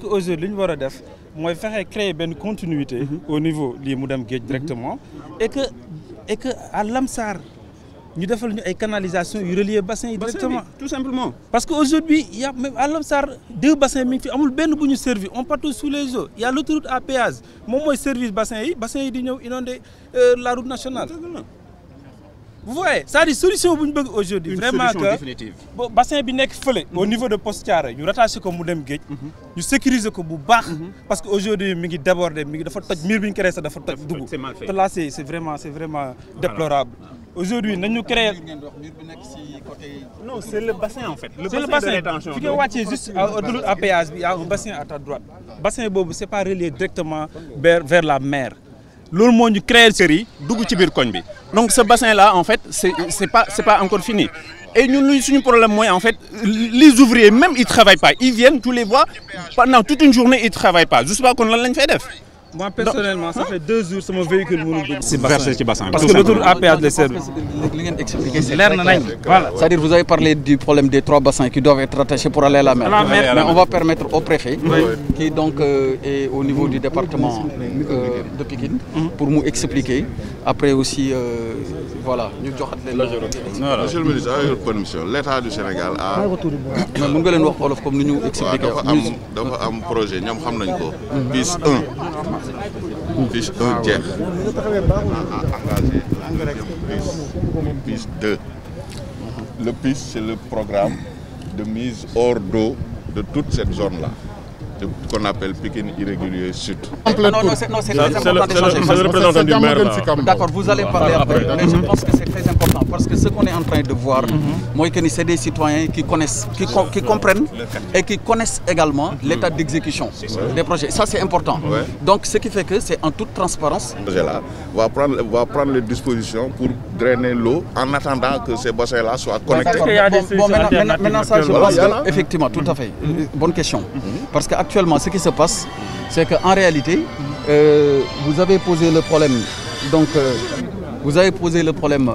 que aujourd'hui li ñu war a def mooy fexe créer benn continuité au niveau lii mu dem géej directement et que et que à Lamsar ñu defal ñu ay canalisation yu relier bassin yi directement tout simplement parce que aujourd'hui y a même deux bassins mi ngi fi amul benn bu ñu servi on partout sous les eaux y a l'autoroute à péage moom mooy service bassin yi bassin yi di ñëw inondé euh, la route nationale vous voyez cest à solution bu ñu bëgg aujourd'hui vraiment que définitive bassin bi nekk fële au mhm. niveau de Poste Thiaroye ñu rattaché ko mu dem géej mhm. ñu sécuriser ko bu baax mhm. parce que aujourd'hui mi ngi débordé mi ngi dafa toj mur bi ñu créé dafa toj dugg te là c'est c'est vraiment c'est vraiment déplorable aujourd'hui nañu créer non c'est le bassin en fait le bassin, bassin de rétention fi nga wàccee juste bi y a un bassin a ta droite bassin boobu c'est pas relié directement vers vers la mer loolu moo ñu créer série dugg ci biir koñ bi donc ce bassin là en fait c'est c'est pas encore fini et ñun luy suñu problème mooy en fait les ouvriers même ils travaillent pas ils viennent tous les mois pendant toute une journée ils travaillent pas je pas kon lan lañ fay def moi personnellement ça fait deux jours sama véhicule mënul dugg. si versé ci bassin bi parce que retour à péage les services. li leer na nañ voilà. c'est-à-dire vous avez parlé du problème des trois bassins qui doivent être rattachés pour aller la mer. mais on va permettre au préfet. qui donc euh, est au niveau du département euh, de Pikine. Mhm. pour mu expliquer après aussi euh, voilà ñu joxat leen. monsieur le ministre avec votre permission l'état du Sénégal a. mais mën nga leen wax wolof comme ni ñu expliqué. dafa am dafa am projet ñoom xam nañ ko. Mhm. fiche 1 jeex on a engagé un fiche le PIS c'est le programme de mise hors d'eau de toute cette zone là qu'on appelle Pikine irrégulier sud. Ah, non, non, de changer. du maire. D'accord, vous allez parler après, mais je pense que c'est très important. ce qu'on est en train de voir mhm. mooy que ni c'est des citoyens qui connaissent qui, com qui comprennent et qui connaissent également mhm. l'état d'exécution des projets c'est important donc ce qui fait que c'est en toute transparence là va prendre va dispositions pour drainer l'eau en attendant que ces bassins-là soient connectés bon, bon, mhm. euh, parce que actuellement ce qui se passe c'est que en réalité euh, vous avez posé le problème donc euh, vous avez posé le problème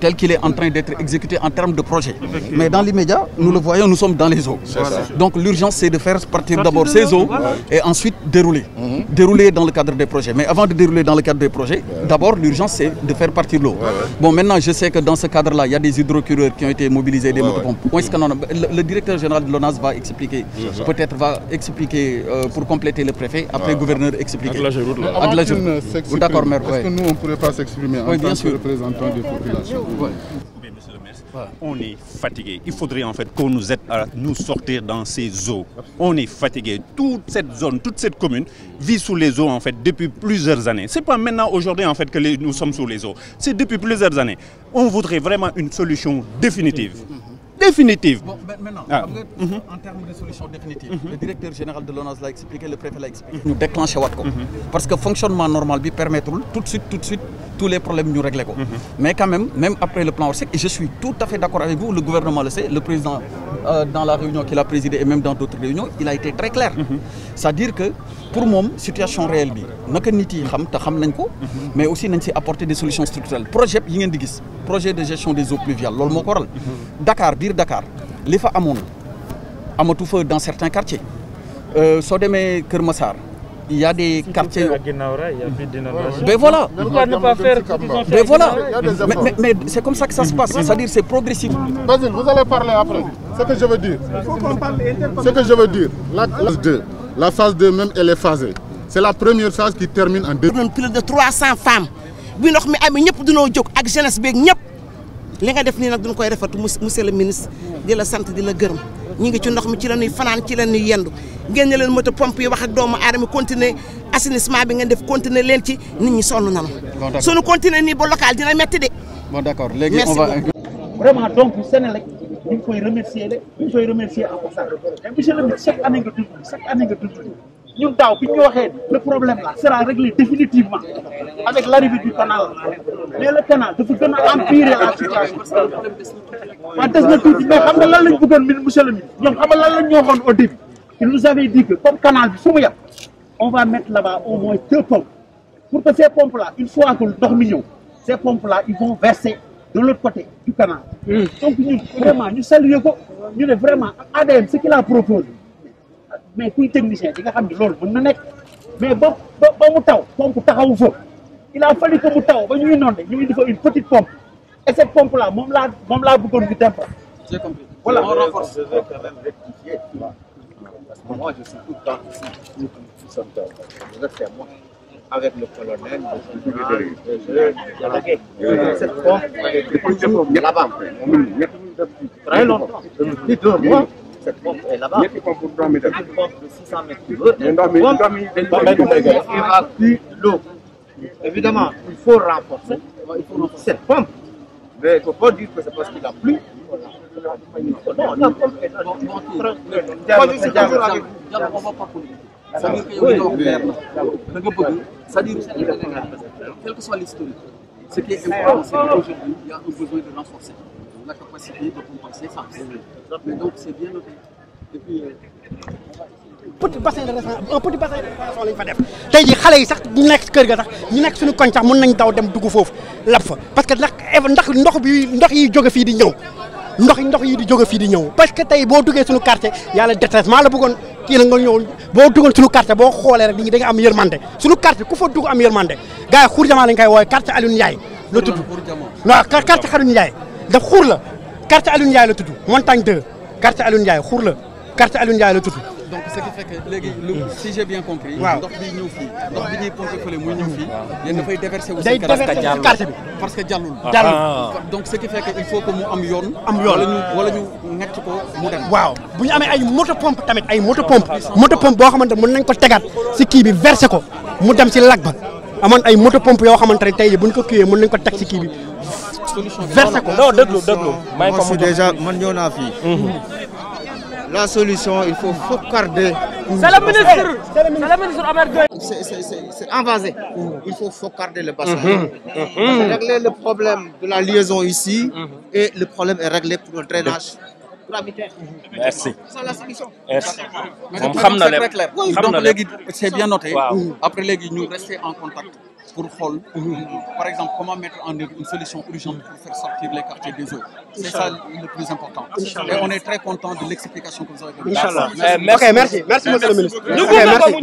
tel qu'il est en train d'être exécuté en termes de projet. Mais dans l'immédiat, nous le voyons, nous sommes dans les eaux. Donc l'urgence, c'est de faire partir d'abord ces eaux et ensuite mhm. dérouler. dans le cadre des projets. Mais avant de dérouler dans le cadre des projets, d'abord l'urgence, c'est de faire partir l'eau. maintenant, je sais que dans ce cadre-là, il y a des hydrocureurs qui ont été mobilisés, des motopompes. Le euh, gouverneur expliquer. ou bien monsieur le maire, voilà. on est fatigué. Il faudrait en fait qu'on nous aide à nous sortir dans ces eaux. On est fatigué. Toute cette zone, toute cette commune vit sous les eaux en fait depuis plusieurs années. C'est pas maintenant aujourd'hui en fait que les, nous sommes sous les eaux. C'est depuis plusieurs années. On voudrait vraiment une solution définitive. définitive. Ah. Mhm. le directeur général de l'ONAS expliqué, le préfet expliqué. Nous mhm. déclenché mm -hmm. Parce que fonctionnement normal lui permet tout de suite, tout de suite, tous les problèmes nous régler. Mm Mais quand même, après le plan Orsec, et je suis tout à fait d'accord avec vous, le gouvernement le sait, le président euh, dans la réunion qu'il a présidée et même dans d'autres réunions il a été très clair mm -hmm. c'est-à-dire que pour moom situation réelle bi naka nit yi xam te xam nañ ko mhm. mais aussi nañ si apporter des solutions structurelles projet yi ngeen di gis projet de gestion des eaux pluviales loolu moo ko mhm. Dakar biir Dakar li fa amoon amatu fa dans certains quartiers euh, soo demee Kër Massar il y a des quartiers. Mais voilà. Pourquoi ne pas faire Mais voilà. Mais, mais, c'est comme ça que ça se passe. C'est-à-dire vous allez parler après. Ce que je veux dire. La phase 2, la phase 2 même, elle est phasée. C'est la première phase qui termine en deux. Plus de 300 femmes. bi ndox mi amee ñëpp dunoo jóg ak jeunesse beeg ñëpp li nga def nii nag duñ koy rafetlu monsieur le ministre di la sant di la gërëm ñi ngi ci ndox mi ci la ñuy fanaan ci la ñuy yendu ngeen ne leen moto pompe yi wax ak doomu aadama continuer assainissement bi ngeen def continuer leen ci nit ñi sonn nanu suñu continuer nii ba local dina metti de. bon d'accord donc Senelec ñu ngi koy remercier rek ñu ngi koy remercier ñun daaw bi ñu waxee le problème la sera réglé définitivement avec l'arrivée du canal mais le canal dafa gën a empirer la situation waaw na tuuti mais xam la lan lañ bëggoon min monsieur le ministre ñoom xam nga lan nous avait dit que comme canal bi fu mu yem on va mettre là-bas au moins deux pompes pour que ces pompes là une fois que ndox mi ñëw ces pompes la ils vont verser de l'autre côté du canal hmm. donc ñun vraiment ñu saluer ko ñu ne vraiment ADM ce qu'il a proposé mais kuy technicien di nga xam ne loolu mën na nekk mais ba ba mu taw pompe taxawu fa il a fallu que mu taw ba ñu inondé ñu indi fa une petite pompe et cette pompe là moom laa moom laa bëggoon ñu dem fa. j'ai compris voilà on renforce. parce que moi je suis tout le temps ici nous sommes dans c'est moi avec le colonel. cette pompe. très longtemps. cette pompe est là-bas. ñetti pompe pour 3 mètres. une pompe de 600 mètres cubes. mais ndox mi ndox mi évacue l'eau. Évidemment, il faut renforcer il faut renforcer cette pompe. mais il ne faut pas dire que c'est parce qu'il a plu. non la pompe est là. je suis toujours avec vous. c'est-à-dire que yow li nga wax leer na da nga bëgg c'est-à-dire quel que soit l'historique ce qui est important c'est qu'aujourd'hui il y a un besoin de renforcer la capacité de compenser ça. Mais donc tey jii xale yi sax ñu nekk kër ga sax ñu nekk suñu koñ sax mun nañ daw dem dugg foofu lab fa parce que ndax ndox bi ndox yi jóge fii di ñëw ndox ndox yi di jóge fii di ñëw parce que tey boo duggee suñu quartier yàlla détressement la bëggoon kii la nga ñëw boo duggoon suñu quartier boo xoolee rek nit ñi da nga am yërmande suñu quartier ku fa dugg am yërmande gars yi xur jamaa lañ koy woowe quartier Alioune Ndiaye la tudd waaw quartier Alioune daf xuur la quartier Alioune Ndiaye la tudd montagne 2 quartier Alioune Ndiaye xuur la quartier Alioune Ndiaye la tudd. donc ce léegi lu si j'ai bien compris. waaw ndox bi ñëw fii ndox bi ñuy bi parce que jàllul. Ah. jàllul donc ce qui fait yoon. am yoon wala ñu wala ñu ngacc ko mu bu ñu amee ay moto pompe tamit ay moto pompe. moto pompe boo xamante mën nañ ko tegaat si kii bi verser ko mu dem si lag ba amoon ay moto pompe yoo xamante ne tey bu ñu ko kiiwee mun nañ ko teg si kii bi. versé ko non déglu déglu may ko mu déjà man ñëw naa fii mhm. la solution il faut focarder c'est le ministre mhm. il faut mhm. régler le problème de la liaison ici et le problème est réglé pour le drainage gravitaire. merci merci. moom xam na lépp xam na lépp donc léegi c'est bien noté. après léegi ñu rester en contact. pour xool. par exemple comment mettre en œuvre une solution urgente pour faire sortir les quartiers des eaux. c'est ça le plus important. et on est très content de l'explication que vous avez donnée. Eh, ok merci monsieur le ministre.